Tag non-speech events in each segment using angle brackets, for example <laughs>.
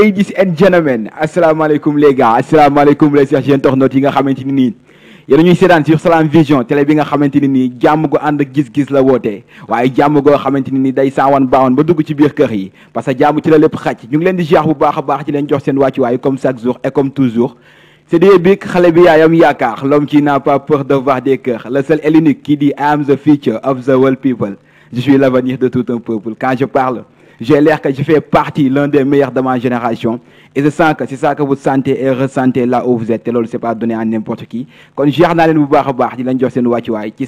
ladies and gentlemen asalaamaaleykum les gars asalaamaaleykum les chers internautes yi nga xamante ni nii yéen ñuy seetaan sur Salam Vision télé bi nga xamante ni nii jàmm gu ànd gis-gis la woote waaye jàmm goo xamante ni nii day saawan baawan ba dugg ci biir kër yi parce que jàmm ci la lépp xaj ñu ngi leen di ziar bu baax a baax ci leen jox seen wàccuwaay comme chaque jour et comme toujours c'est de big xale bi yaayam yaakaar l'homme qui n'a pas peur de voir I am the future of je suis l'avenir de tout un peuple. Quand je parle, j'ai l'air que je fais partie l'un des meilleurs de ma génération. Et je sens que c'est ça que vous sentez et ressentez là où vous êtes. Et ce n'est pas donné à n'importe qui. Quand je suis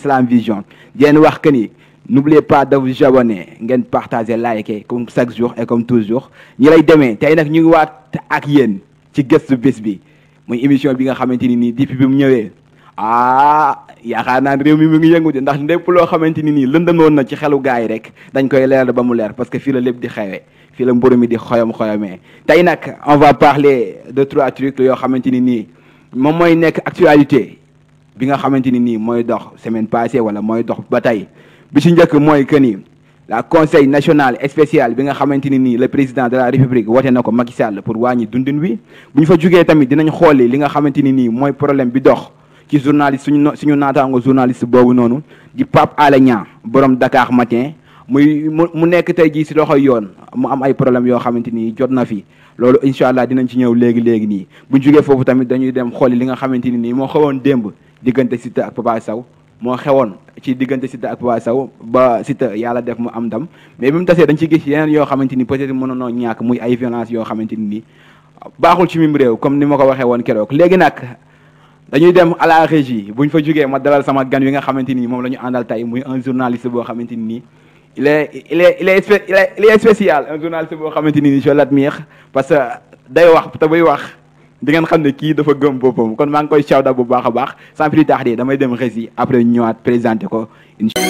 en Vision, N'oubliez pas de vous abonner, de partager, liker, comme chaque jour et comme toujours. Nous allons demain, nous allons nous voir avec vous, ci gëstu bés bi muy émission bi nga xamante ni nii depuis bi mu ñëwee ah yaakaar naa réew mi mu ngi yëngu de ndax lépp loo xamante ni nii lëndëmoon na ci xelu gaay yi rek dañ koy leeral ba mu leer parce que fii la lépp di xewee fii la mburu mi di xoyom xoyomee tey nag on va parler de trois trucs yoo xamante ni nii moom mooy nekk actualité bi nga xamante ni nii mooy dox semaine passée wala mooy dox ba tey bi ci njëkk mooy que ni la conseil national spécial bi nga xamante ni nii président de la république woote na ko Macky Sall pour wàññi dundin wi bu ñu fa jugee tamit dinañ xooli li nga xamante ni nii mooy problème bi dox ci journaliste suñu suñu naataango journaliste boobu noonu di Pape Alé Niang borom Dakar Matin muy mu nekk tey jii si loxo yoon mu am ay problème yoo xamante ni jot na fi loolu incha allah dinañ ci ñëw léegi léegi nii buñ jógee foofu tamit dañuy dem xooli li nga xamante ni nii moo xewoon démb diggante Siteu ak Papa saw moo xewoon ci diggante Siteu ak Papa saw ba Siteu yàlla def mu am dam mais bi mu tasee dañ ci gis yeneen yoo xamante ni peut-être mënoonoo ñàkk muy ay violence yoo xamante ni nii baaxul ci mim réew comme ni ma ko waxee woon keroog léegi nag dañuy dem à la régie bu ñu fa jugee ma dalal sama gan wi nga xamante ni moom lañu ñu àndal tey muy un journaliste boo xamante ni il est il est il est il spécial un journaliste boo xamante ni je l'admire parce que day wax te bay wax di ngeen xam ne kii dafa gëm boppam kon maa ngi koy cawda bu baax a baax sans plus tarder damay dem régie après ñëwaat présenté ko incha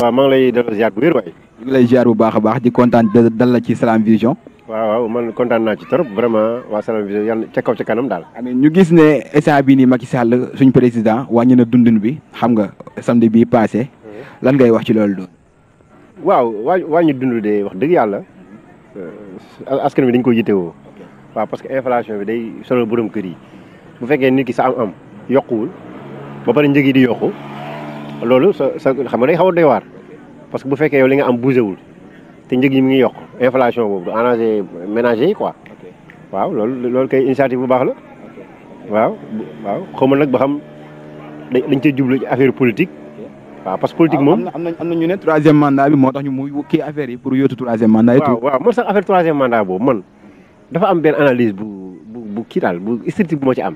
waaw maa ngi lay dalal ziar bu wér waay. ñu bu baax a baax di kontaan dal la ci Salam Vision. waaw waaw man kontaan naa ci trop vraiment waa Salam bi yàlla ca kaw ca kanam daal. amiin ñu gis ne instant bii nii Macky Sall suñ président wàññi na dundin bi xam nga samedi bii passé lan ngay wax ci loolu doon. waaw waa wàññi dund de wax dëgg yàlla euh, askan bi dañ ko yitewoo waaw parce que inflation bi day sonal borom kër yi bu fekkee nit ki sa am-am yokkuwul ba pare njëg di yokku loolu sa sa xam nga day xaw a doy waar parce que bu fekkee yow li nga am bougé wul te njëg yi mi ngi yokk inflation boobu du arrangé ménager yi quoi waaw loolu loolu kay initiative bu baax la waaw waaw xaw ma nag ba xam dañ cee jublu ci affaire politique waaw parce que politique moom am na am na ñu ne troisième bi moo tax ñu muy kii affaire yi pour yóotu troisième mandat yi waaw waaw man sax affaire troisième mandat boobu man dafa am benn analyse bu bu bu kii daal bu strict bu moo ci am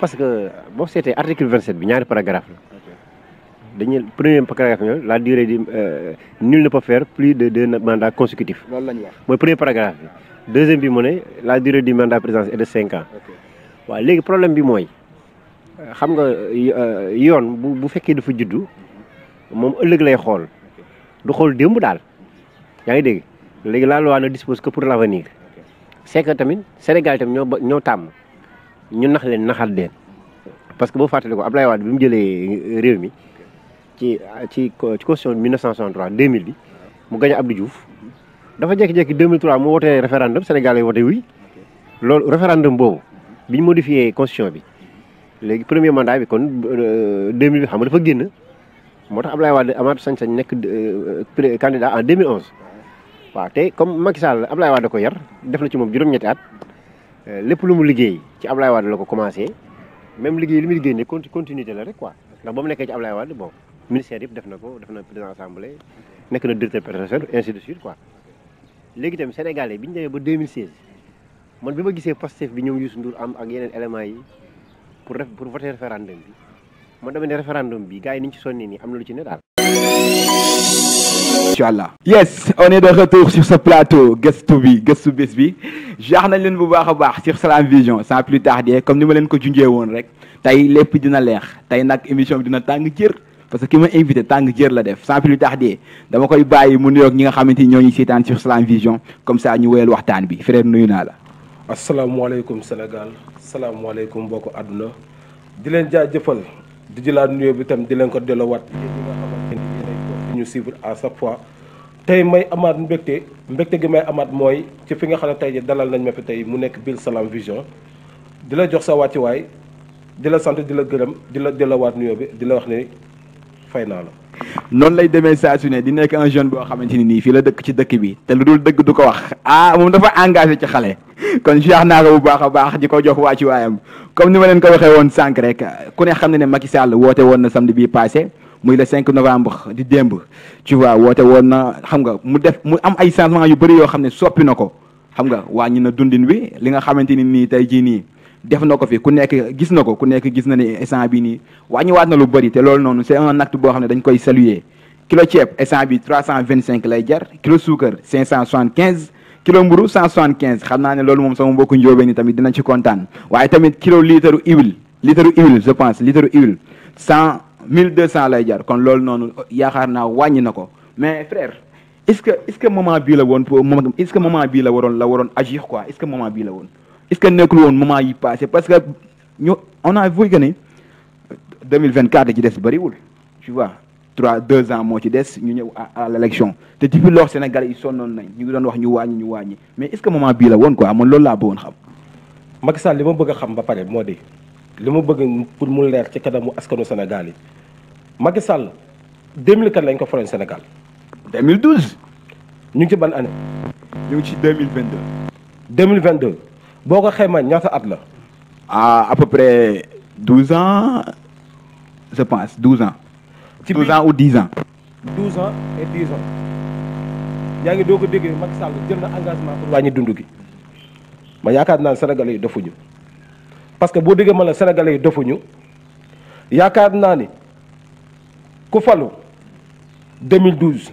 parce que boo seetee article vingt sept ñaari paragraphe la dañuy premier paragraphe bi la durée di euh, nul ne peut faire plus de deux mandats consécutifs. la ñu wax mooy premier paragraphe bi. deuxième bi mu ne la durée di mandat présidentiel est de cinq ans. waaw léegi problème bi mooy euh, xam nga euh, yoon bu bu fekkee dafa juddu moom ëllëg lay xool du xool démb daal yaa ngi dégg léegi la loi ne dispose que pour l' avenir c'est que tamit Sénégal tamit ñoo ñoo tàmm ñu nax leen naxaat leen parce que boo fàttali ko Abdoulaye Wade bi mu jëlee réew mi. ci ci constitution 1963 2000 bi mu gañ Abdou Diouf dafa jékki-jékki 2003 mu wootee référendum Sénégal yi wootee loolu référendum boobu bi ñu modifié bi léegi premier mandat bi kon 2000 euh, mil xam nga dafa génn moo tax Ablaye Wade amaat sañ-sañ nekk euh, candidat en 2011. waaw te comme Macky Sall Ablaye Wade da ko yar def na ci moom juróom-ñetti at euh, lépp lu mu liggéey ci Ablaye Wade la ko commencé même liggéey li muy liggéey ne continuité la rek quoi ndax ba mu nekkee ci Ablaye Wade bon. ministère yëpp def na ko def na président assemblée nekk na directeur pénitentiaire ainsi de suite quoi léegi tamit sénégalais bi ñu demee ba 2016 bi ma gisee Pastef bi ñoom Youssou Ndour am ak yeneen element yi pour def pour voter référendum bi man dama ne référendum bi gars yi ni ñu ci sonni nii am na lu ci ne daal. allah Yes, on est de retour sur ce plateau gëstu bi gëstu bés bi jaax nañ leen bu baax a baax sur Salam Vision sans plus tarder comme ni ma leen ko junjee woon rek tey lépp dina leex tey nag émission dina tàng jër. parce que ki ma invité tàng jër la def sans plus tarder dama koy bàyyi mu nuyoog ñi nga xamante ni ñoo ñuy seetaan sur Salam Vision comme saa ñu wéyal waxtaan bi frère nuyu naa la. asalaamaaleykum Sénégal boo ko àdduna di leen jëfal di jëlaat nuyoo bi tam di leen ko delloowaat yéen ñi ñu suivre à chaque fois. tey may amaat mbégte mbégte gi may amaat mooy ci fi nga xam ne tey ji dalal nañ ma fi tey mu nekk biir salaam Vision di la jox sa wàccuwaay di la sant di la gërëm di la delloowaat nuyoo bi di la wax ne. fay naa la. noonu lay demee saa su ne di nekk un jeune boo xamante ni nii fii la dëkk ci dëkk bi te lu dul dëgg du ko wax ah moom dafa engagé ci xale <laughs> kon jeex naa ko bu baax a baax di ko jox waa ci ni ma leen ko waxee woon sànq rek ku ne xam na ne Macky woote woon na samedi bii passé muy le 5 novembre di démb tu vois woote woon na xam nga mu def mu am ay changement yu bëri yoo xam ne soppi na ko xam nga wàññi na dundin wi li nga xamante nii tey jii def na ko fi ku nekk gis na ko ku nekk gis na ni instant bi nii wàññiwaat na lu bëri te loolu noonu c'est un acte boo xam ne dañ koy saluer kilo ceeb instant bi trois cent vingt cinq lay jar kilo suukar cinq cent soixante quinze kilo mburu cent soixante xam naa ne loolu moom sama mbokku njóobeen ni tamit dinañ ci kontaan waaye tamit kilo litre huile litre huile je pense litre huile cent mille deux cent lay jar kon lool noonu yaakaar naa wàññi na ko mais frère est-ce que est que moment bii la woon pour est est-ce que nekkul woon moment yi passé parce que ñu on a vu que ni ci des bariwul tu vois trois deux ans moo ci des ñu ñëw à l'élection te depuis lors Sénégal yi noon nañ ñu ngi doon wax ñu wàññi ñu wàññi mais est-ce que moment bii la woon quoi man loolu laa bëggoon xam. Macky li ma bëgg a xam ba pare moo di li ma bëgg pour mu leer ci kanamu askanu Sénégal yi Macky Sall 2004 lañ ko faloon Sénégal. 2012. ñu ngi ci ban année. ñu ngi ci 2022. 2022. boo ko xayma ñaata at la. à à peu près douze ans je pense douze ans. ci douze ans ou dix ans. douze ans et dix ans. yaa ngi doo ko dégg Macky Sall jël engagement pour wàññi dund gi ma yaakaar naa ne sénégalais yi dofuñu parce que boo déggee ma la sénégalais yi dofuñu yaakaar naa ni ku falu 2012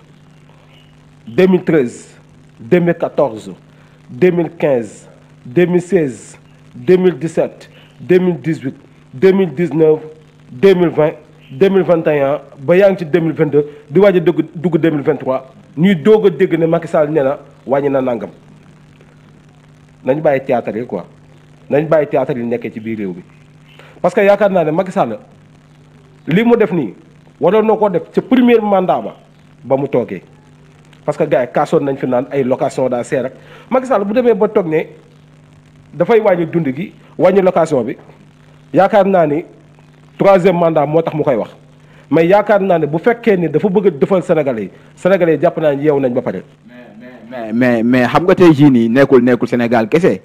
2013 2014 2015. deux mille mille dix 2016 2017 2018 2019 2020 2021 ba yaa ngi ci 2022 di waaj a dugg dugg 2023 ñuy doog a dégg ne Macky Sall nee na wàññi na nangam nañ bàyyi théâtre yi quoi nañ bàyyi théâtre yi nekkee ci biir réew bi parce que yaakaar naa ne Macky Sall li mu def nii waroon na koo def ca premier mandat ba ba mu toogee parce que gars yi kaasoon nañ fi naan ay location daa seer ak Macky Sall bu demee ba toog ne. dafay wàññi dund gi wàññi location bi yaakaar naa ni troisième mandat moo tax mu koy wax mais yaakaar naa ne bu fekkee ni dafa bëgg a defal sénégalais yi sénégalais yi jàpp naa ne yeewu nañ ba pare. mais mais mais xam tey jii nii nekkul nekkul Sénégal kese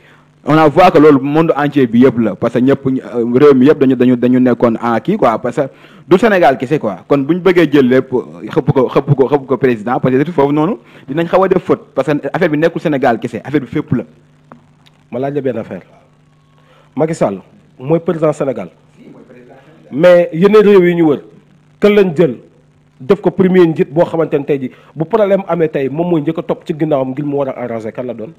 a voit que bi yëpp la parce que ñëpp euh, réew mi yëpp dañu dañu nekkoon kii quoi parce que du Sénégal kese quoi kon bu bëggee jël lépp euh, xëpp ko xëpp ko ko président peut-être foofu noonu dinañ xaw a def faute parce que affaire bi nekkul Sénégal kese affaire bi fépp la. ma laaj la benn affaire Macky Sall mooy président Sénégal mais yeneen réew yi ñu wër kan lañ jël def ko premier njiit boo xamante ne tey ji bu problème amee tey moom mooy njëkk a topp ci ginnaawam ngir mu war a kan la doon.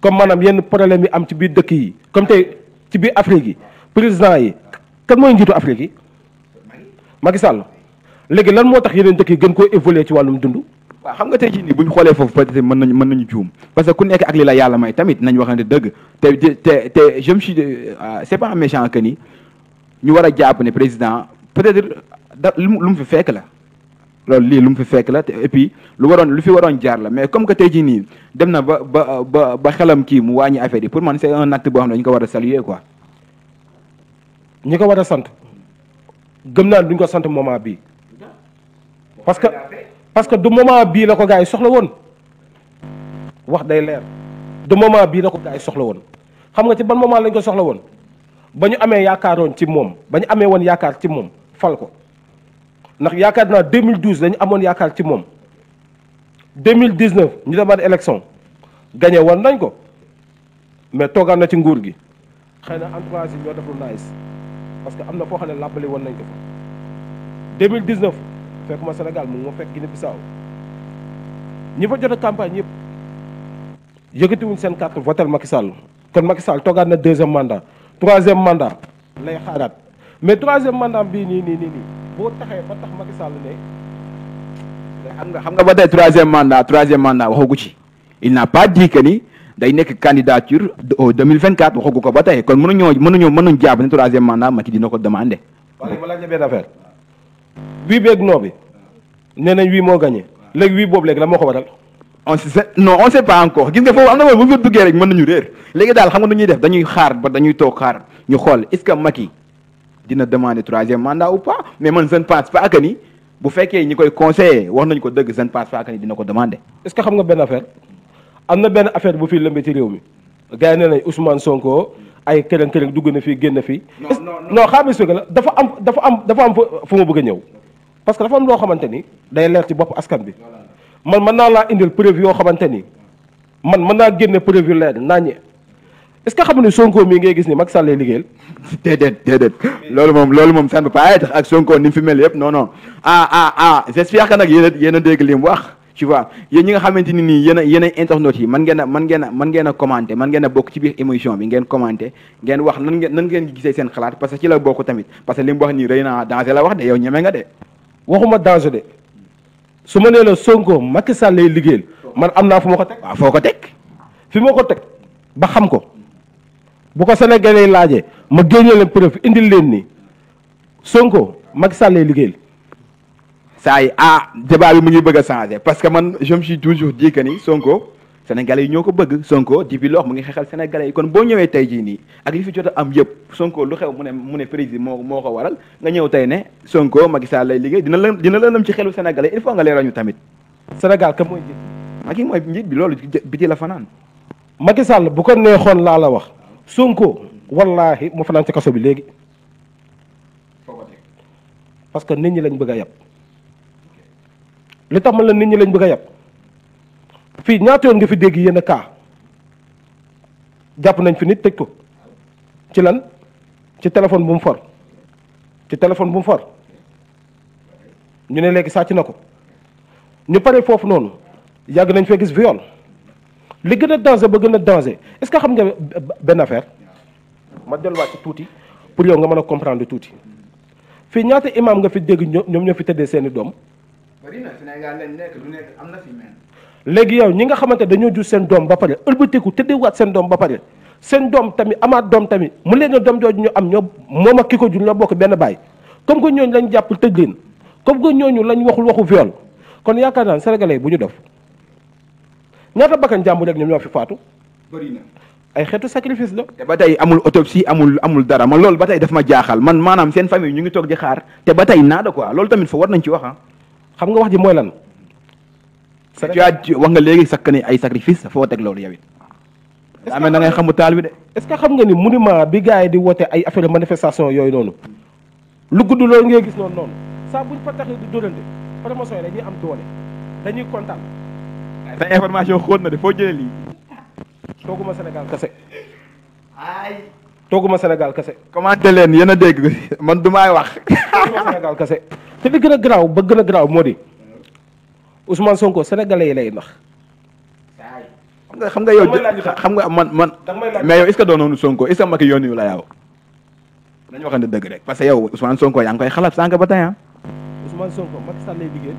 comme maanaam yenn problème yi am ci biir dëkk yi comme tey ci biir Afrique yi président yi kan mooy njiitu Afrique yi Macky Sall léegi lan moo tax yeneen dëkk yi gën koo évoluer ci wàllum dund. waaw xam nga tey jii nii bu ñu xoolee foofu peut être mën nañu mën nañu juum parce que ku nekk ak yàlla may tamit nañ waxante dëgg te te te je me suis euh, ni ñu war a jàpp ne président peut être da lu mu fi fekk la. loolu lii lu mu fi fekk la lu waroon lu fi waroon jaar la mais comme que tey jii nii dem na ba ba ba ba xelam kii mu wàññi affaire yi pour man c' est un acte boo xam ne ko war a saluer quoi. ñi ko war a sant gëm naa luñ ko sant moment bii parce que. parce que du moment bii la ko gars yi soxla woon wax day leer du moment bii la ko gars yi soxla woon xam nga ci ban moment lañ ko soxla woon ba ñu amee yaakaaroon ci moom ba ñu amee woon yaakaar ci moom fal ko ndax yaakaar naa 2012 dañu amoon yaakaar ci moom 2019 ñu demaat élection gañe woon nañ ko mais toogaan na ci nguur gi xëy na entourage yi ñoo def lu nice parce que am na foo xam ne làbbali woon nañ ko fa 2019 fekk ma Sénégal mu ngi ma fekk Guinée Bissau ñi fa jot a campagne yëpp yëkkatiwuñ seen carte votel Macky Sall kon Macky Sall toogaat na deuxième mandat troisième mandat lay xaaraat mais troisième mandat bii nii nii nii nii boo taxee ba tax Macky Sall ne. xam nga xam nga ba tey troisième mandat troisième mandat waxagu ci il n'a pas dit que ni day nekk candidature au 2024 waxagu ko ba tey kon mënuñoo mënuñoo mënuñ jàpp ne troisième mandat Macky dina ko demander. waaye ma laaj la benn wii beeg non bi nee nañ wii moo gagné léegi wii boobu léegi la moo ko waral. on sait non on sait pas encore gis nga foofu am na nañu réer léegi daal xam nga nu def dañuy xaar ba dañuy toog xaar ñu xool est-ce que Macky dina demander troisième mandat ou pas mais man je ne pense bu fekkee ñi koy conseillé wax nañ ko dëgg je ne pense pas dina ko demander. est-ce xam nga benn affaire na benn affaire bu fi lëmbee ci réew mi gars yi nee Sonko. ay këram këram dugg na fii génn fii. non xaaral ma la dafa am dafa am dafa am fu ma bëgg a ñëw. parce que dafa am loo xamante ni day leer ci bopp askan bi man mën naa laa indil preuve yoo xamante ni man mën naa génne preuve yu leer naa ñe est-ce xam nga ni Sonko mii ngay gis ni mag Sall lay liggéeyal. <laughs> déedéet déedéet loolu moom loolu moom ça ne peut pas être ak Sonko ni mu fi mel yëpp non non ah ah ah j'espère que nag yéen a yéen a dégg li wax. ci vois yéen ñi nga xamante ni nii yéen a yéen yi man ngeen a man ngeen a man ngeen a commenté man ngeen bokk ci biir émission bi ngeen commenté ngeen wax nan ngeen nan ngeen gisee seen xalaat parce que ci la bokk tamit parce que li mu wax nii rëy naa danger la wax de yow ñeme nga de waxuma danger de su ma nee la Sonko Macky Sall lay liggéeyal man am naa fu ma ko teg waaw foo ko teg fi ma ko teg ba xam ko bu ko Sénégalais laajee ma génne leen preuve indil leen nii Sonko Macky Sall lay liggéeyal saa yi ah débat bi mu ngi bëgg a parce que man je me suis toujours dit que ni Sonko sénégalais yi ñoo ko bëgg Sonko depuis loox mu ngi xeexal sénégalais yi kon boo ñëwee tey jii nii ak li fi jot a am yëpp Sonko lu xew mu ne mu ne président moo moo ko waral nga ñëw tey ne Sonko Macky Sall lay liggéey dina lën dina lëndam ci xelu sénégalais il faut nga leeral ñu tamit Sénégal kan mooy njiit Macky mooy njiit bi loolu biti la fanaan Macky Sall bu ko neexoon laa la wax Sonko wallaahi mu fanaan ci kaso bi léegi parce nit ñi lañ bëgg a li tax man la nit ñi lañ bëgg a yab fii ñaata yoon nga fi dégg yenn kaa jàpp nañ fi nit tëj ko ci lan ci téléphone bu mu for ci téléphone bu mu for ñu ne léegi sàcc na ko ñu pare foofu noonu yàgg nañ fee gis viol li gën a danger ba gën a danger est-ce que xam nga benn affaire ma delluwaat ci tuuti pour yow nga mën a comprendre tuuti fii ñaata imam nga fi dégg ñoom ñoo fi tëddee seeni doom bari léegi yow ñi nga xamante dañoo jur seen doom ba pare ëlbatiku tëddeewaat seen doom ba pare seen doom tamit amaat doom tamit mu leen doom jooju ñu am ñoo moom ak ki ko jur ñoo bokk benn baay comme que ñooñu lañu jàpp tëj leen comme que ñooñu lañ waxul waxu viol kon yaakaar naa sénégalais bu ñu def ñaata bakkan jàmbur rek ñoom ñoo fi faatu. bëri na ay xeetu sacrifice la. te ba tey amul autopsie amul amul dara man loolu ba tey daf ma jaaxal man maanaam seen famille ñu ngi toog di xaar te ba tey naada quoi loolu tamit fa war nañ ci wax ah. xam nga wax ji mooy lan. sa wax nga léegi sakk ni ay sacrifice foo teg loolu yow it. amee na ngay xamu taal bi de. est-ce que xam nga ni monument bi gars yi di woote ay affaire manifestation yooyu noonu. lu gudd loolu ngay gis noonu noonu saa ñu fa taxee di dóorante promotion yi dañuy am doole dañuy kontaan. sa information xóot na de foo jëlee lii. tooguma Sénégal kese. ay. ma senegal kese. commenté leen yéen a dégg man du wax. tooguma te li gën a garaaw ba gën a garaaw moo di Ousmane Sonko sénégalais yi lay nax. xam nga xam nga yow xam nga man man. mais yow est ce que doonoonu Sonko est ce que Macky yónni la yow. nañu waxante dëgg rek parce que yow Ousmane Sonko yaa ngi koy xalaat sànq ba tey ah. Ousmane Sonko Macky Sall lay liggéey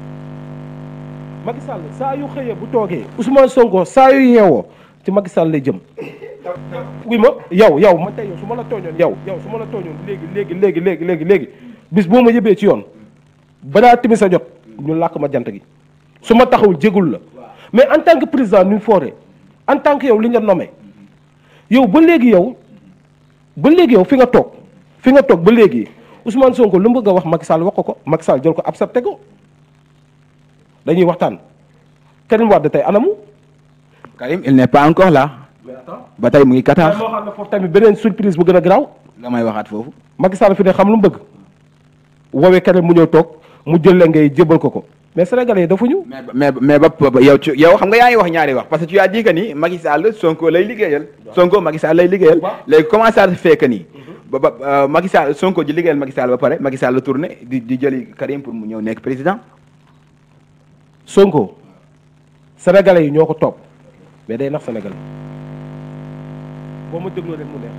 Macky Sall xëyee bu toogee Ousmane Sonko saa yu ci Macky Sall lay jëm. wuy ma yow yow man tey su ma la tooñoon yow yow su ma la tooñoon léegi léegi léegi léegi léegi léegi bis boo ma yëbee ci yoon balaa timis sa jot ñu làkk ma jant gi su ma taxawul jegul la mais en tant que président nu foore en tant que yow li nga nommé yow ba léegi yow ba léegi yow fi nga toog fi nga toog ba léegi Ousmane Sonko lu mu bëgg a wax Macky Sall wax ko ko Macky Sall jël ko accepté ko dañuy waxtaan Karim Wade tey anamu. Karim il n'est pas encore là. ba tey mu ngi Qatar. moo xam ne foofu tamit beneen surprise bu gën a garaaw. la may waxaat foofu. Macky Sall fi ne xam lu mu bëgg. woowee Karim mu ñëw toog mu jël la ngay jébal ko ko mais sénégalais yi dafa ñu. mais mais ba yow ci yow xam nga yaa ngi wax ñaari wax parce que tu as dit que ni Macky Sall Sonko lay liggéeyal. Sonko Macky lay liggéeyal. léegi comment ça se fait mhm. ba ba euh, Macky Sall Sonko ji liggéeyal Macky Sall ba pare Macky Sall tourné di di jëli Karim pour mu ñëw nekk président. Sonko sénégalais yi ñoo ko topp mais day nax Sénégal boo ma dégloo rek mu neex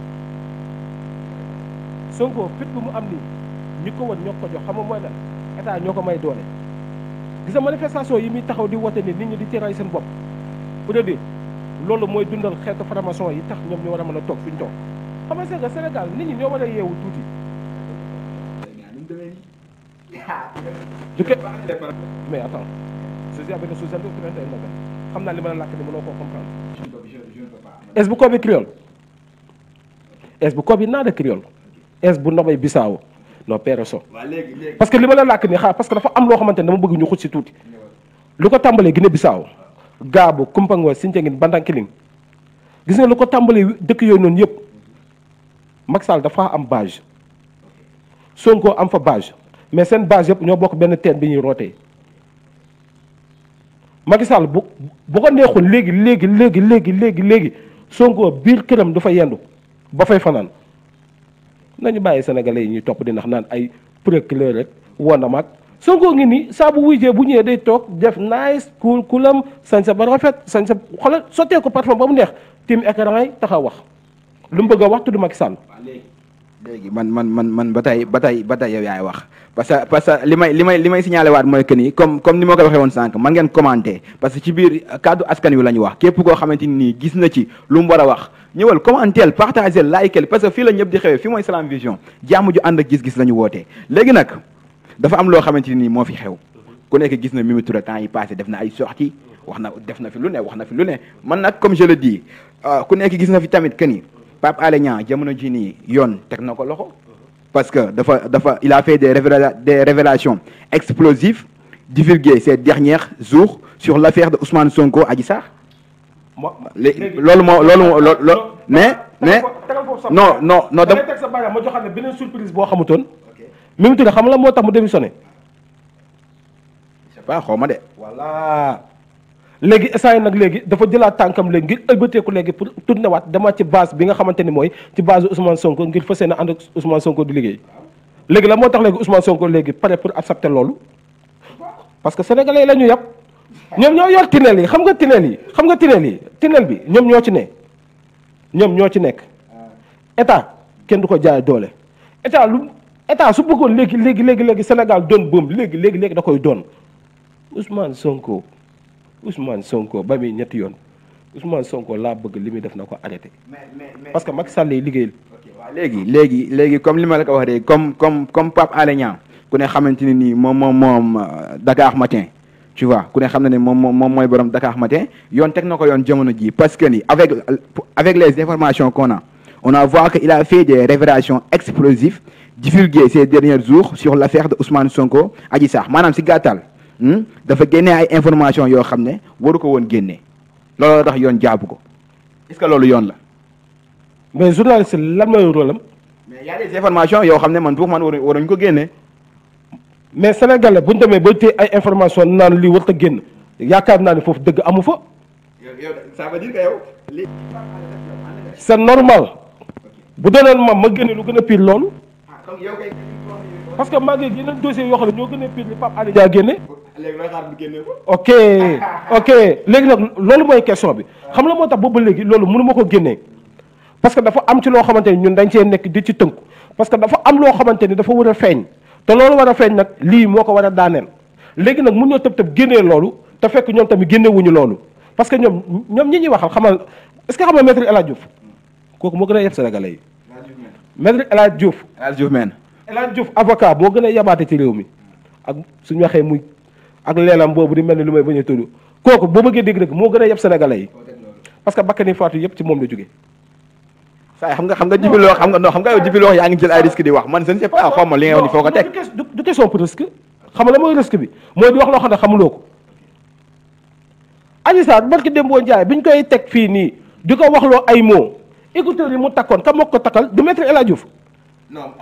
Sonko fit bu mu am nii ñi ko woon ñoo ko jox xam nga mooy lan état ñoo ko may doole. gis nga manifestation yi muy taxaw di wote ni nit ñi di ci seen bopp pour dire loolu mooy dundal xeetu formation yi tax ñoom ñu war a mën a toog fi ñu toog xam nga c'est que Sénégal nit ñi ñoo war a yeewu tuuti. Ah, du mais attends je suis avec le xam naa li ma la làkk di mënoo koo comprendre. Ah, est bu koobi créole est bu koobi naada créole est bu nobay bisaawo non père so parce que li ma la làkk ni xaar parce que dafa am loo xamante ne dama bëgg ñu xut si tuuti lu ko tàmbalee Guinée Bissau Gaabu Kumpango Sintiangin Bandankiling gis nga lu ko tàmbalee dëkk yooyu noonu yëpp Macky Sall dafa am base Sonko am fa base mais seen base yëpp ñoo bokk benn teen bi ñuy rootee Macky Sall bu boo ko neexoon léegi léegi léegi léegi léegi léegi Sonko biir këram du fa yendu ba fay fanaan nañu bàyyi senegale yi ñuy topp di ndax naan ay procureur rek woon na mag Sonko ngi nii saa bu wujjee bu ñëwee day toog def nice cool kulam sañ sa ba rafet sañ sa xoolal sottee ko parfum ba mu neex tim écran yi taxaw wax lu mu bëgg waxtu wax tudd Macky léegi man man man man ba tey ba tey ba tey yow yaay wax parce que parce que li may li may li may signalé waat mooy que ni comme comme ni ma ko waxee woon sànq man ngeen commenté parce que ci biir kàddu askan wi la ñu wax képp koo xamante ni gis na ci lu mu war a wax ñëwal commenté partagé like parce que fii la ñëpp di xewee fii mooy Salam Vision jàmm ju ànd ak gis-gis la woote léegi nag dafa am loo xamante ni moo fi xew ku nekk gis na Mimi Touré temps yi passé def na ay sorties wax na def na fi lu ne wax na fi lu ne man nag comme je le euh, ku nekk gis na fi tamit que ni. Pape Alé Niang jamono ji nii yoon teg na ko loxo parce que dafa dafa il a fait des révéla des révélations explosives divulguées ces derniers jours sur l' affaire de Ousmane Sonko Adji Sarr. léegi loolu moo loolu loo mais mais non non non. da ngay teg sa baaraam ma joxaat ne beneen boo xamutoon. Mimi xam la moo tax mu démissionné. léegi essayé nag léegi dafa jëlaat tànkam léegi ngir ëlbateeku léegi pour tourner waat dama ci base bi nga xamante ni mooy ci base Ousmane Sonko ngir fas yéene ànd ak Ousmane Sonko di liggéey léegi la moo tax léegi Ousmane Sonko léegi pare pour accepter loolu parce que sénégalais yi la ñu yàpp ñoom ñoo yor tunnel yi xam nga tunnel yi xam nga tunnel yi tunnel bi ñoom ñoo ci ne ñoom ñoo ci nekk état kenn du ko jaay doole état lu état su bëggoon léegi léegi léegi léegi Sénégal doon boom léegi léegi léegi da koy doon Ousmane Sonko. Ousmane Sonko ba muy ñetti yoon Ousmane Sonko laa bëgg li muy def na ko arrêté. parce que Macky Sall yi liggéeyal. léegi léegi léegi comme li ma la ko wax rek comme comme comme Pape ku ne xamante ne nii moom moom moom euh, Dakar Matin. tu ku ne xam na ne moom moom mooy borom Dakar Matin yoon teg na ko yoon jamono ji parce que ni avec avec les informations qu'on a on a vu que il a fait des révélations explosives divulguées ces derniers jours sur l'affaire de Ousmane Sonko Adji sax maanaam si gàttal. Hmm? dafa génne ay information yoo xam ne waru ko woon génne looloo tax yoon jaabu ko est-ce que loolu yoon la. mais journaliste lan mooy rôle am. mais y yoo xam ne man pour man waruñ ko génne. mais sénégalais bu ñu demee ba téye ay information naan lii warut a génn yaakaar naa ne foofu dëgg amu fa. yow ça veut c'est normal. bu doonoon ma ma génne lu gën a pire loolu. Ah, parce que maa ngi yeneen dossiers yoo xam ñoo gën a pire li Pape Alé Niang génne. léegi looy xaar bi génne ok ok léegi nag loolu mooy question bi xam la moo tax boobu ba léegi loolu mënu ma ko génnee parce que dafa am ci loo xamante ni ñun dañ cee nekk di ci tënk parce que dafa am loo xamante ni dafa war a feeñ te loolu war a feeñ nag lii moo ko war a daaneel léegi nag mun ñoo tëb tëb génnee loolu te fekk ñoom tamit génnewuñu loolu parce que ñoom ñoom ñi ñuy waxal xamal est-ce que xam nga maître El Hadj Diouf kooku moo gën a yeb Sénégalais yi. maître El Hadj Diouf. El Hadj Diouf avocat moo gën a yabaate ci réew mi ak suñu waxee muy ak leelam boobu di mel ni lu may bañ a tudd kooku boo bëggee dégg-dëgg moo gën a yeb sénégalais yi parce que bakkani faatu yëpp ci moom la jógee saay xam nga xam nga jibi loo xam nga non xam nga yow jibi yaa ngi jël ay risque di wax man je ne sais pas xaw ma li nga wax ni foo ko teg du question pour risque xam la mooy risque bi mooy di wax loo xam ne xamuloo ko Adji Sarr barki Dembo Ndiaye bi ñu koy teg fii nii di ko wax loo ay moo écouteurs yi mu takkoon ka moo ko takkal du maître El Hadj non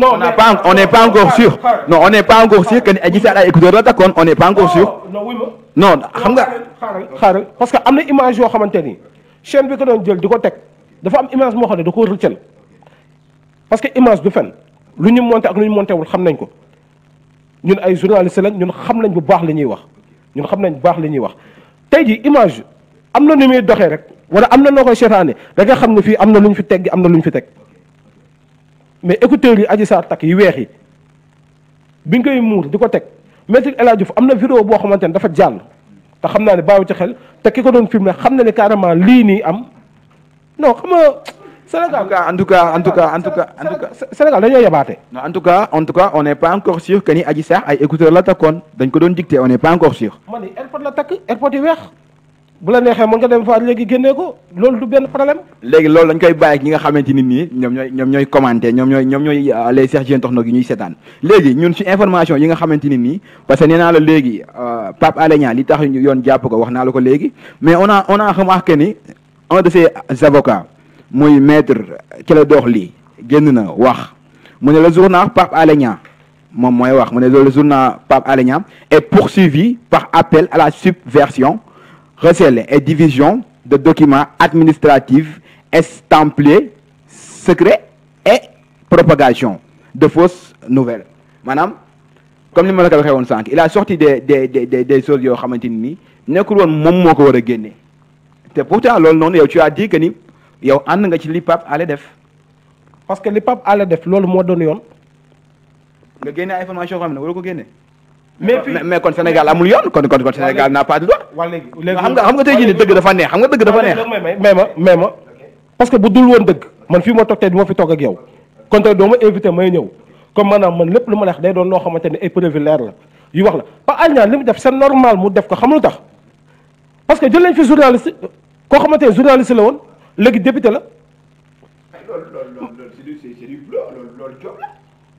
on n'est pas, on n'est pas encore sûr. non on n'est pas encore sûr que ni ay gisee ay écouteurs la takkoon on n'est pas encore sûr. non non xam nga. xaaral xaaral parce que am na image yoo xamante ni chaîne bi ko doon jël di ko teg dafa am image moo xam ne da koo rëccal parce que image du fen lu ñu monté ak lu ñu monté wul xam nañ ko ñun ay journaliste lañ ñun xam nañ bu baax li ñuy wax ñun xam nañ bu baax li ñuy wax tey ji image am na nu muy doxee rek wala am na noo koy seetaane da nga xam ne fii am na lu ñu fi teg am na lu ñu fi teg. mais écouteurs yi Adji Sarr takk yu weex yi bi ñu koy muur di ko teg maître El Hadj am na vidéo boo xamante ne dafa jàll te xam naa ne baawu ci xel te ki ko doon filmé xam na ne carrément lii nii am non xam nga Sénégal tout cas tout cas en tout cas en tout cas Sénégal dañoo yabaate. en tout cas en tout cas on n'est pas encore ay écouteurs la takkoon dañ ko doon dicté on n'est pas encore sûr. airport la takk airport yi weex. bu la neexee mën nga dem fa léegi génnee ko loolu du benn problème. léegi loolu dañ koy bàyyi ak ñi nga xamante nit nii ñoom ñooy ñoom ñooy commenté ñoom ñooy ñoom ñooy euh, les seex jeen toxnog ñuy seetaan léegi ñun si information yi nga xamante nit nii parce que nee naa la léegi euh, Pape Alé Niang li tax yoon jàpp ko wax naa la ko léegi mais on a on a remarqué ni un de ses avocats muy maître Clédor Ly génn na wax mu ne le journal Pape Alé Niang moom mooy wax mu ne le journal Pape Alé Niang est poursuivi par appel à la subversion recel et division de documents administratifs estampillés secret et propagation de fausses nouvelle maanaam comme ni ma la ko waxee woon sànq il a sorti des de des des choses yoo xamante ni nekkul woon moom moo ko war a génne te pourtant loolu noonu yow tu as dit que ni yow ànd nga ci li Pape Alé def. parce que li Pape Alé def loolu moo doon yoon. nga génne information yoo xam ne waru ko génne. mais fii mais kon Sénégal amul yoon kon kon kon Sénégal n'a pas de droit. waaw léegi léegi xam nga xam nga tey jii nii dëgg dafa neex xam nga dëgg dafa neex. mais ma mais ma parce que bu dul woon dëgg man fii ma toog tey du ma fi toog ak yow kon tey doo ma invité may ñëw comme maanaam man lépp lu ma la wax day doon loo xamante ne ay preuve leer la yu wax la Pa Alé Niang li mu def c'est normal mu def ko xam lu tax parce que jël nañ fi journaliste koo xamante ne journaliste la woon léegi député la. loolu loolu loolu c'est du c'est du loolu loolu job la.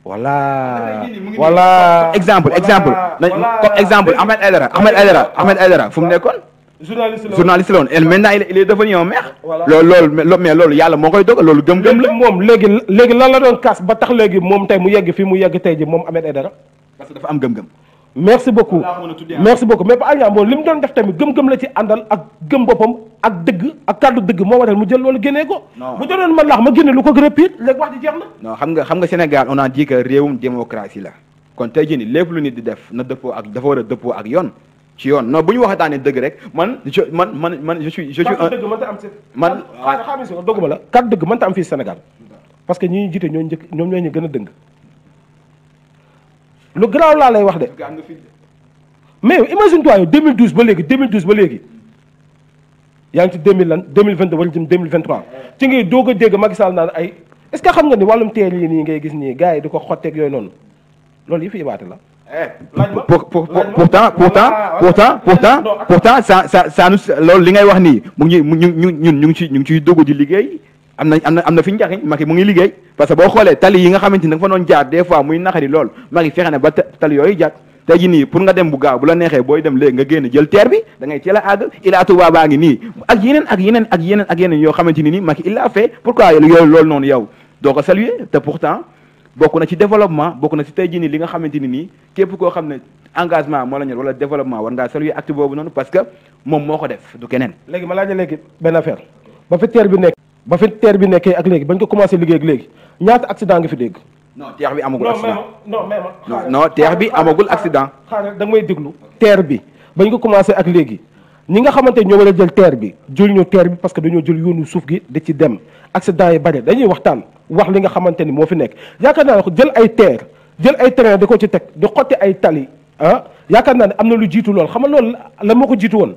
voilà voilà exemple exemple comme exemple Ahmed Aïdara Ahmed Aïdara Ahmed Aïdara fu nekkoon. journaliste la journaliste la woon et maintenant il est devenu un maire. voilà loolu loolu mais loolu yàlla moo koy dogal loolu gëm-gëm la. moom léegi léegi lan la doon kaas ba tax léegi moom tey mu yegg fii mu yegg tey ji moom Ahmed Aïdara. parce que dafa am gëm-gëm. merci beaucoup merci beaucoup mais ba Alioune Niang li mu doon def tamit gëm-gëm la ci àndal ak gëm boppam. ak dëgg ak kaddu dëgg moo waral mu jël loolu génnee ko. mu jëloon ma laax ma génne lu ko gën a piit léegi wax ji jeex na. non xam nga xam nga Sénégal on a dit que réewum la kon tey jii nii lépp lu nit di def na dëppoo ak dafa war a ak yoon ci yoon no bu ñu waxataanee dëgg rek man je man man man je suis. je suis un am si. man ah. xaaral si dëgg ma la dëgg mënta am fii Sénégal parce que ñi ñu jiite ñoo ñoom ñoo ñu gën a dëng. lu garaaw laa lay wax de. mais imagine toi yow 2012 ba léegi 2012 ba léegi yaa ngi ci deux mille lan deux mille vingt deux wala jëm deux mille vingt trois ci ngay doog a dégg Macky Sall naan ay est ce que xam nga ni wàllum teer yi nii ngay gis nii gars yi di ko xotteeg yooyu noonu loolu yi fi yëbaate la. Eh, pour pour pourtant pourtant pourtant pourtant pourtant ça ça li ngay wax nii mu ngi ñu ñu ngi ci ñu ngi ciy dugg di liggéey. am na am na am na fi njaxiñ Macky mu ngi liggéey parce que boo xoolee tali yi nga xamante ni da nga fa doon jaar des fois muy naxari lool Macky fexe na ba tali yooyu tey ji nii pour nga dem bu gaaw bu la neexee booy dem léegi nga génn jël teer bi da ngay teel a àgg baa ngi nii ak yeneen ak yeneen ak yeneen ak yeneen yoo xamante ni nii Macky il a fait pourquoi yooyu loolu noonu yow doo ko te pourtant bokk na ci développement bokk na ci tey ji li nga xamante ni nii képp koo xam ne engagement moo la ñor wala développement war ngaa saluer acte boobu noonu parce que moom moo ko def du keneen léegi ma laaj teer bi nekk ba fi bi nekkee ak léegi bañ ko commencé liggéey ak léegi ñaata accident nga fi dégg non teer bi amagul accident non mais non non bi amagul accident. xaaral da may déglu teer bi bañ ko commencé ak léegi ñi nga xamante ñoo war a jël teer bi jël ñu teer bi parce que dañoo jël yoonu suuf gi di ci dem accident yi bari dañuy waxtaan wax li nga xamante ni moo fi nekk yaakaar naa jël ay teer jël ay train da ko ci teg di xotti ay tali ah yaakaar naa ne am na lu jiitu lool xamal nga loolu la moo ko jiitu woon.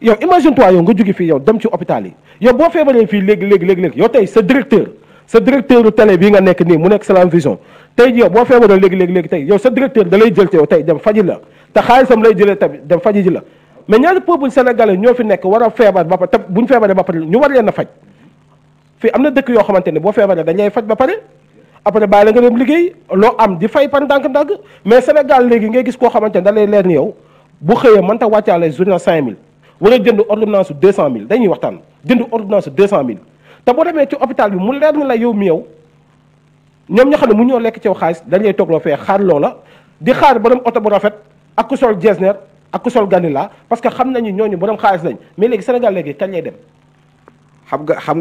yow imagine toi yow nga jóge fii yow dem ci hôpital yi yow boo feebaree fii léegi léegi léegi yow tey sa directeur. sa directeur télé bi nga nekk nii mu nekk Salam Vision tey jii yow boo feebaree léegi léegi léegi tey yow sa directeur da lay jël te yow tey dem faji la te xaalisam lay jëlee tamit dem faji ji la mais ñaari peuple sénégalais ñoo fi nekk war a feebar ba pare te buñ feebaree ba pare ñu war leen faj fii am na dëkk yoo xamante ne boo feebaree dañ lay faj ba pare après bàyyi la nga dem liggéey loo am di fay par ndànk-ndànk mais senegal léegi ngay gis koo xamante ne da lay leer ni yow bu xëyee mën ta wàccaale journée cinq mille war a jënd ordonnance deux cent mille dañuy waxtaan jënd ordonnance deux cent mille te boo demee ci hôpital bi mu leer ni la yow mi yow ñoom ñoo xam ne mu ñoo lekk ci yow xaalis dañuy lay toogloo fee xaar loola di xaar borom oto rafet ak ku sol jesner ak ku sol ganila parce que xam nañu xaalis lañ mais léegi Sénégal léegi kañ lay dem. xam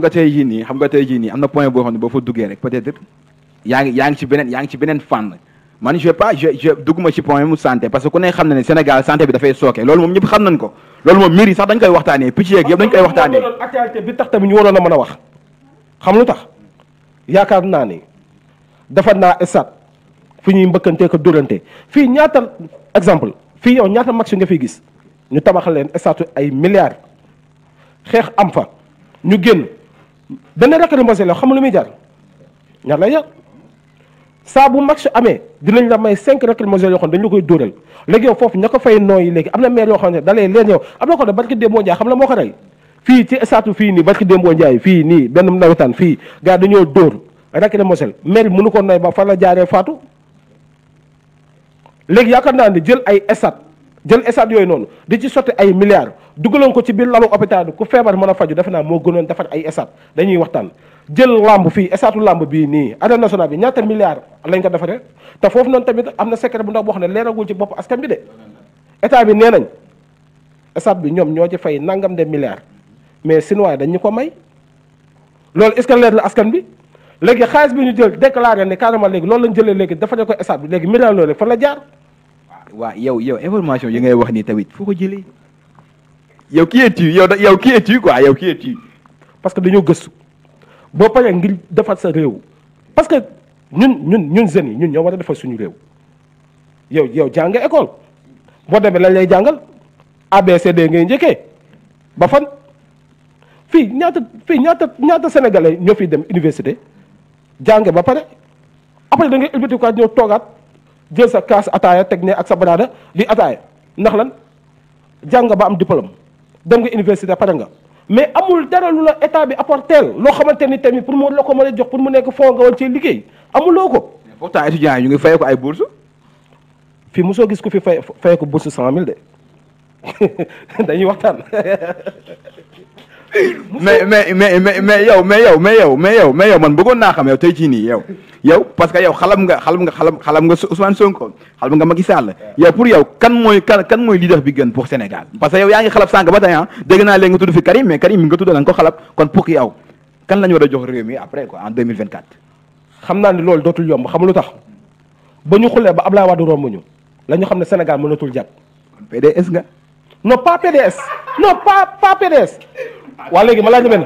na point na ne Sénégal santé bi dafay sooke loolu moom ñëpp xam nañ ko loolu moom mbir yi sax dañ koy waxtaanee picc yeeg yëpp dañ koy waxtaanee actualité bi tax tamit ñu waroon a mën a wax xam lu tax yaakaar naa ni defar naa estat fi ñuy mbëkkantee ko dóorante fii ñaata exemple fii yow ñaata match nga fiy gis ñu tabaxal leen estatu ay milliards xeex am fa ñu génn benn rakk de mbose la xam lu muy jar ñaar lay jar saa bu match amee dinañ la may cinq lacrymogènes yoo xam ne dañu la koy dóoral léegi yow foofu ña fay nooyi léegi am na maire yoo xam ne da leen yow am na ko ne barki démb moo xam la moo ko fii ci statut fii nii barki Demba Ndiaye fii nii benn nawetaan fii gars dañoo dóor rakk de mosel maire mënu koo nay ba fan la jaaree faatu léegi yaakaar naa ne jël ay estat jël estat yooyu noonu di ci sotti ay milliards dugaloon ko ci biir lalu bi ku feebar mën a faju defe naa moo gënoon defar ay estat dañuy waxtaan jël lamb fii estatu làmb bii nii arène nationale bi ñaata milliards lañ ko defaree te foofu noonu tamit am na secret bu ndaw boo xam ne leeragul ci bopp askan bi de état bi nee nañ estat bi ñoom ñoo ci fay nangam de milliards mais Sinoa dañ ñu ko may loolu est-ce que leer la askan bi léegi xaalis bi ñu jël déclaré ne carrément léegi loolu lañ jëlee léegi dafa ko état bi léegi million loolu fan la jaar. waaw yow yow information yi ngay wax nii tawit foo ko jëlee yow qui es-tu yow da yow qui es-tu yow qui es parce que dañoo gëstu boo paree ngir defar sa réew parce que ñun ñun ñun jeunes yi ñun ñoo war a defar suñu réew yow yow jàng école boo demee lañ lay jàngal ABCD ngay njëkkee ba fan. fii ñaata fii ñaata ñaata sénégalais ñoo fiy dem université jànge ba pare après da ngay ëlbati quoi toogaat jël sa kaas ataaya teg ak sa banaana li ataaya ndax lan jàng ba am diplôme dem nga université pare nga mais amul dara lu la état bi apporteel loo xamante ni tamit pour mu la ko mën a jox pour mu nekk foo nga war ci liggéey amuloo ko. pourtant étudiants yi ñu ngi ko ay bourses. fii mosoo gis ku fi fay fay ko bourse cent mille de <laughs> dañuy waxtaan. <laughs> mais mais mais mais yow mais yow mais yow mais yow mais man bëggoon naa xam yow tey jii nii yow yow parce que yow xalam nga xalam nga xalam xalam nga Ousmane Sonko xalam nga Macky Sall yow pour yow kan mooy kan kan mooy leader bi gën pour Sénégal parce que yow yaa ngi xalab sànq ba tey ah dégg naa léegi nga tudd fi Karim mais Karim mi nga tudd da nga ko xalab kon pour yow kan lañu war a jox réew mi après quoi en xam naa ni loolu dootul yomb xam tax ba ñu xulee ba Abdoulaye Wade romb ñu la ñu xam ne Sénégal mënatul jàpp kon PDS nga non pas PDS non pas pas PDS. waa léegi ma laaj la benn.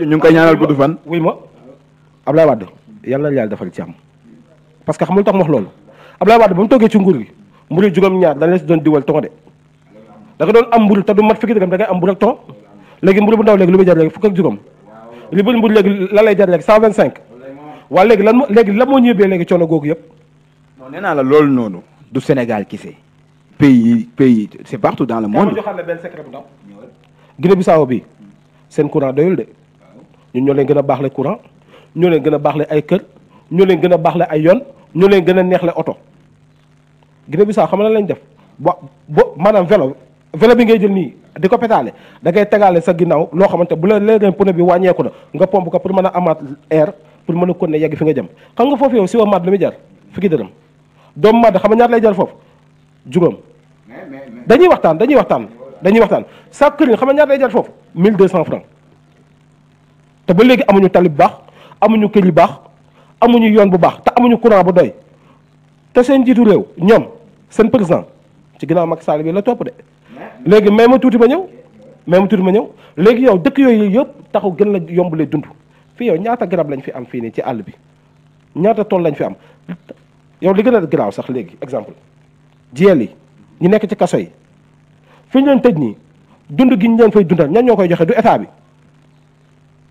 ñu ngi koy ñaanal gudd fan. wuy ma Abdoulaye Wade yàlla na defal ci am parce que xam tax mu wax loolu Abdoulaye Wade ba mu toggee ci nguur gi mburu juróom-ñaar dañ la si doon diwal tongo de da doon am mburu te du mat fukki dërëm da am mburu ak tongo léegi mburu bu ndaw léegi lu ma jar léegi fukk ak juróom li bu mburu léegi la lay jar léegi cent vingt cinq waa léegi la léegi lan moo ñëwee léegi coono googu yëpp. non nee naa la loolu noonu du Sénégal kese pays pays c'est partout dans le monde. Guinée bi seen courant doyul de ñun ñoo leen gën a baaxle courant ñoo leen gën a baaxle ay kër ñoo leen gën a baaxle ay yoon ñoo leen gën a neex neexle oto Guinée Bissau xam na lañ def ba boo maanaam vélo vélo bi ngay jël nii di ko pétale da tegaale sa ginnaaw loo xamante bu la léeg-léeg pneu bi wàññeeku na nga pompe ko pour mën a amaat air pour mën a kon ne yegg fi nga jëm xam nga foofu yow si wa maat lu muy jar fukki dërëm doomu maat dañuy waxtaan dañuy waxtaan dañuy waxtaan saako këriñ xam nga ñaata day jar foofu 1200 francs te ba léegi amuñu tali bu baax amuñu kër yu baax amuñu yoon bu baax te amuñu courant bu doy te seen jiitu réew ñoom seen président ci ginnaaw mag Sall yi la topp de. léegi may ma tuuti ma ñëw may ma tuuti ma ñëw léegi yow dëkk yooyu yëpp taxu gën la yombalee dund fii yow ñaata garab lañ fi am fii nii ci àll bi ñaata tool lañ fi am yow li gën a garaaw sax léegi exemple jiyal yi. ñu nekk ci kaso yi fi ñu leen tëj nii dund gi ñu leen fay dundal ñan ñoo koy joxe du état bi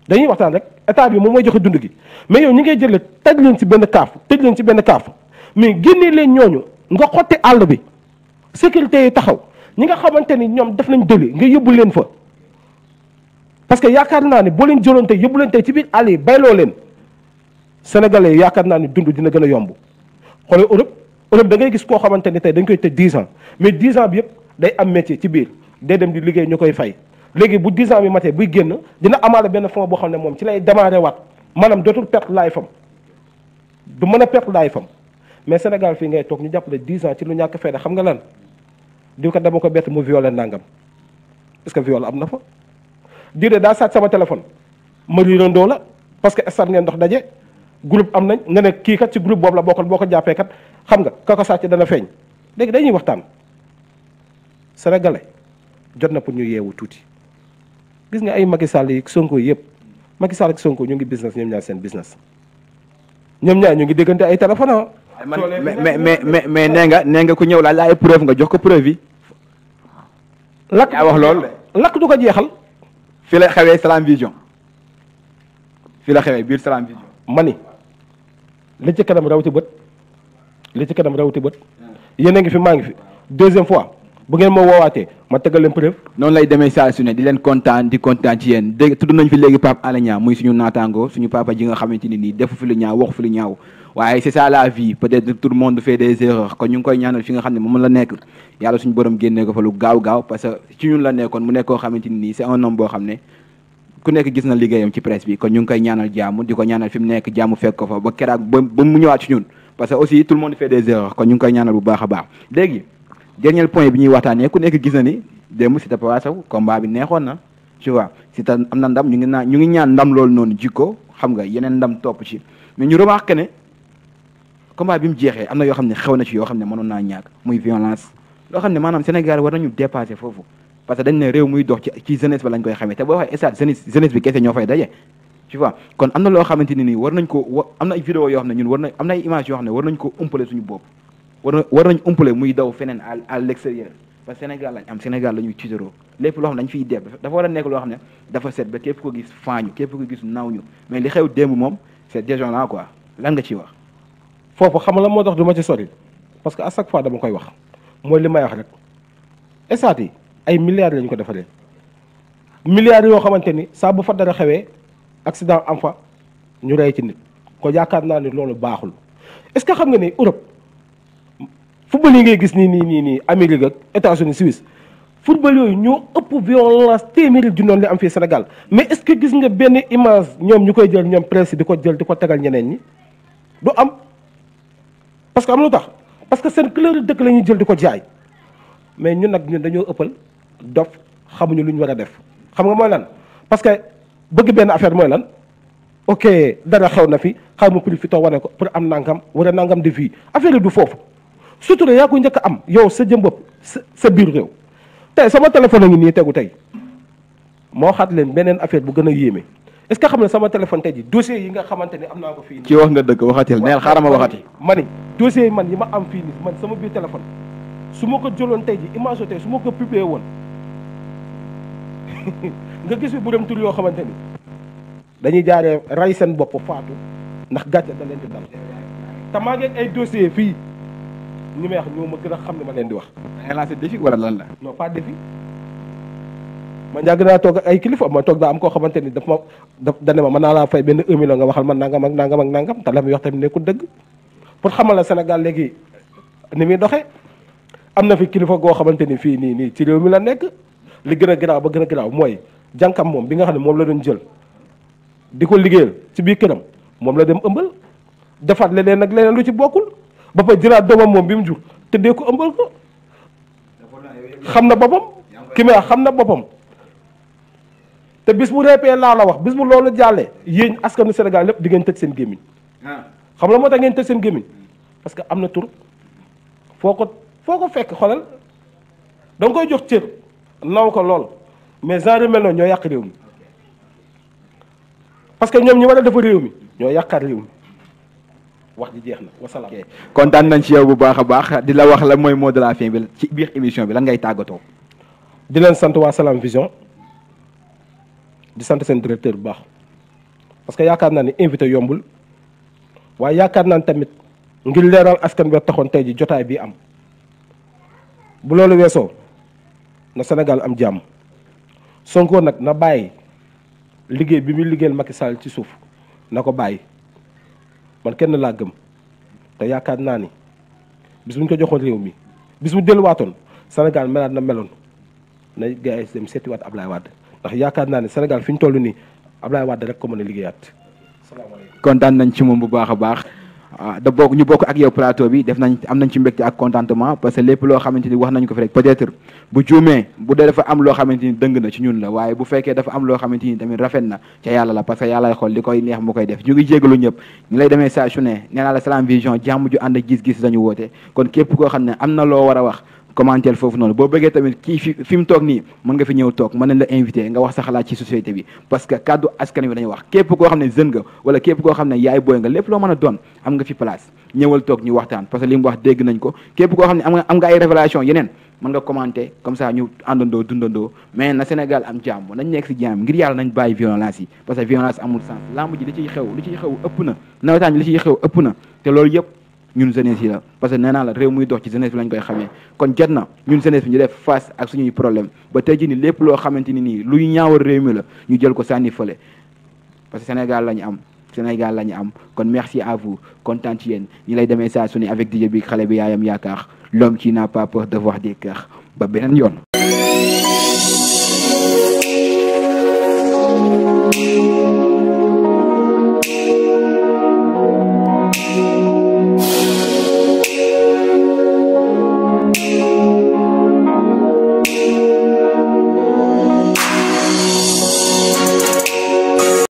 dañuy waxtaan rek état bi moom mooy joxe dund gi mais yow ñi ngay jële tëj leen ci benn kaaf tëj leen ci benn kaaf mais génnee leen ñooñu nga xotti àll bi sécurité yi taxaw ñi nga xamante ni ñoom def nañ dëli nga yóbbu leen fa. parce que yaakaar naa ne boo leen jëloon tey yóbbu leen tey ci biir àll yi bayloo leen sénégalais yaakaar naa ni dund dina gën a yomb xoolal Europe da ngay gis koo xamante ne tey dañ koy tëj 10 ans mais 10 ans bi yëpp day am métier ci biir day dem di liggéey ñu koy fay léegi bu 10 ans mi matee buy génn dina amaale benn fond boo xam ne moom ci lay démarré waat maanaam dootul perte laay fam du mën a perte laay fam mais Sénégal fii ngay toog ñu jàppale 10 ans ci lu ñàkk fayda xam nga lan di ko dama ko bett mu violé nangam est-ce que viol am na fa di daa sàcc sama téléphone ma riirandoo la parce que star ngeen ndox daje groupe am nañ nga ne kii kat ci groupe boobu la bokkal boo ko jàppee kat xam nga ka ko sàcc dana feeñ léegi dañuy waxtaan sénégalais jot na pour ñu yeewu tuuti gis nga ay Macky Sall yi Sonko yëpp Macky Sall ak ñu ngi business ñoom ñaar seen business ñoom ñaay ñu ngi déggante ay téléphone ah. mais mais mais nee nga nee nga ku ñëw laaj la ay nga jox ko preuve yi. lakk lakk du ko jeexal. fii la xewee Salam Vision fi la xewee biir Salam Vision. ma ni li ci kanam raw ci bët. li ci kanam rawati bët yéen a ngi fi maa ngi fi deuxième fois bu ngeen moo woowaatee ma tegal leen preuve noonu lay demee saa su ne di leen kontaan di kontaan ci yéen dégg tudd nañ fi léegi Pape Alé Niang muy suñu naataango suñu papa ji nga xamante ni nii defu fi lu ñaaw waxu fi lu ñaaw waaye c'est ça vie peut-être tout le monde fait des erreurs kon ñu ngi koy ñaanal fi nga xam ne moom la nekk yàlla suñu borom génnee ko lu gaaw gaaw parce que ci la nekkoon mu nekk koo xamante ni nii c'est un homme boo xam ne ku nekk gis na liggéeyam ci presse bi kon ñu ngi koy ñaanal jàmm di ko ñaanal fi mu nekk jàmm fekk ko fa ba mu ñëwaat ci ñun parce que aussi tout le monde fait des erreurs kon ñu ngi koy bu baax a baax léegi dernier point bi ñuy waxtaanee ku nekk gis na ni démb Siteu Papa Sow combat bi neexoon na tu vois Siteu am ndam ñu ngi naan ñu ngi ñaan ndam loolu noonu jikko xam nga yeneen ndam topp ci mais ñu remarqué ne combat bi mu jeexee am na yoo xam ne xew na ci yoo xam ne mënoon naa ñàkk muy violence loo xam ne maanaam Sénégal war nañu dépassé foofu parce que dañ ne réew muy dox ci ci jeunesse ba lañ koy xamee te boo waxee état jeunesse jeunesse bi kese ñoo fay daje tu vois kon am na loo xamante ni nii war nañ ko wa am na yoo xam ne ñun war nañ am na ay image yoo xam ne war nañ ko umpale suñu bopp war na war nañ umpale muy daw feneen à à l'extérieur parce Sénégal lañ am lépp loo xam ne dañ fiy dafa war a nekk loo xam ne dafa set ba képp ko gis faañu képp ko gis naaw ñu mais li xew démb moom c'est désolant quoi lan nga ciy wax foofu xam la moo tax du ma ci sori parce que à chaque fois dama koy wax mooy li may wax rek estaat yi ay milliards lañ ko defaree milliards yoo xamante ni saa bu fa dara xewee accident am fa ñu rey ci nit ko yaakaar naa ne loolu baaxul est-ce que xam nga ne Europe football yi ngay gis nii nii nii nii Amérique ak États-Unis Suisse football yooyu ñoo ëpp violence téeméeri junnoon li am fii Sénégal mais est-ce que gis nga benn image ñoom ñu koy jël ñoom presse di ko jël di ko tegal ñeneen ñi du am parce que am lu tax parce que seen couleur dëkk la ñuy jël di ko jaay mais ñun nag ñun dañoo ëppal dof xamuñu lu ñu war a def xam nga mooy bëgg benn affaire mooy lan ok dara xew na fi xaw ma profité wane ko pour am nangam wala nangam de vie affaire du foofu sutura yaa ko njëkk am yow sa jëm bopp sa biir réew tey sama téléphone a ngi nii tegu tey moo xaat leen beneen affaire bu gën a yéeme est-ce que xam ne sama téléphone tey ji dossier yi nga xamante ne am naa ko fii. wax nga dëgg waxatil neel xaaral ma waxati. ma ni man yi ma am fii man sama biir téléphone su ma ko jëloon tey ji image tey su ma ko publier woon. <laughs> nga gis fi borom tur yoo xamante dañuy jaaree ray seen bopp faatu ndax gàcce da leen dal te maa ay dossier fii ñi may ma gën a xam ne ma leen di wax. da ngay la. non pas naa toog ay kilifa ma toog daa am koo xamante ni daf ma daf dane ma mën naa laa fay benn un million nga waxal man nangam ak nangam ak nangam te la muy wax tamit nekkul dëgg pour xamal Sénégal léegi ni muy am na fi kilifa goo xamante ni fii nii nii ci réew mi la nekk li gën a garaaw ba gën a mooy. jànkam moom bi nga xam ne moom la doon jël di ko liggéeyal ci biir kënam moom la dem ëmbal defaat leneen ak leneen lu ci bokkul ba fa jëlaat doomam moom bi mu jur tëddee ko ëmbal ko xam na boppam ki may xam na boppam te bis bu reepee laa la wax bis bu loolu jàllee yéen askanu Sénégal lépp di ngeen tëj seen gémmiñ xam la moo tax ngeen tëj seen gémmiñ parce que am na tur foo ko foo ko fekk xolal da koy jox cër naw ko lool mais genre yu mel noonu ñoo yàq réew mi parce que ñoom ñi war a defar réew mi ñoo yàqaat réew mi wax ji jeex na wasalaam. kontaan nañ ci yow bu baax a baax di la wax la mooy mot de la fin bi ci biir émission bi lan ngay tàggatoo. di leen sant waa Salam Vision di sant seen directeur bu baax parce que yaakaar naa ne invité yombul waaye yaakaar naa ne tamit ngir leeral askan bi taxoon tey ji jotaay bi am bu loolu weesoo na Sénégal am jàmm. Sonko nag na bàyyi liggéey bi muy liggéeyal Macky Sall ci suuf na ko bàyyi man kenn laa gëm te yaakaar naa ni bis bu ñu ko joxoon réew mi bis bu delluwaatoon Sénégal melaat na meloon na gars yi dem seetiwaat Ablaye Wade ndax yaakaar naa ne Sénégal fi ñu toll nii Ablaye Wade rek ko mën a liggéeyaat. salaamaaleykum kontaan nañ ci moom bu baax a baax. ah da bokk ñu bokk ak yow plateau bi def nañ am nañ ci mbégte ak contentement parce que lépp loo xamante ni wax nañ ko fi rek bu juumee bu dee am loo xamante ni dëng na ci ñun la waaye bu fekkee dafa am loo xamante ni tamit rafet na ca yàlla la parce que yàlla xool li koy neex mu koy def ñu ngi jégalu ñëpp ñu lay demee saa su ne nee la Salam Vision jàmm ju gis-gis dañu woote kon képp koo xam ne am na loo war a wax commenter foofu noonu boo bëggee tamit kii fi fi mu toog nii mën nga fi ñëw toog mën nañ invité nga wax sa xalaat ci société bi parce que kàddu askan wi dañuy wax képp koo xam ne jeune nga wala képp koo xam ne yaay booy nga lépp loo mën a doon am nga fi place ñëwal toog ñu waxtaan parce que li mu wax dégg nañ ko képp koo xam ne am nga am nga ay révélation yeneen mën nga commenter comme ça ñu àndandoo dundandoo mais na Sénégal am jàmm nañ nekk si jàmm ngir yàlla nañ bàyyi violence yi parce que violence amul sens lamb ji li ciy ëpp ñun jeunesse yi la parce que nee naa la réew muy dox ci jeunesse bi lañ koy xamee kon jot na ñun jeunesse bi ñu def face ak suñuy problème ba tey jii ni lépp loo xamante ni luy ñaawal réew mi la ñu jël ko sànni fële parce que Sénégal la ñu am Sénégal la ñu am kon merci à vous kontaan ci yéen ñi lay demee saa suñu ne avec DJ bi xale bi yaayam yaakaar l'homme ci n'a pas peur de voir ba beneen yoon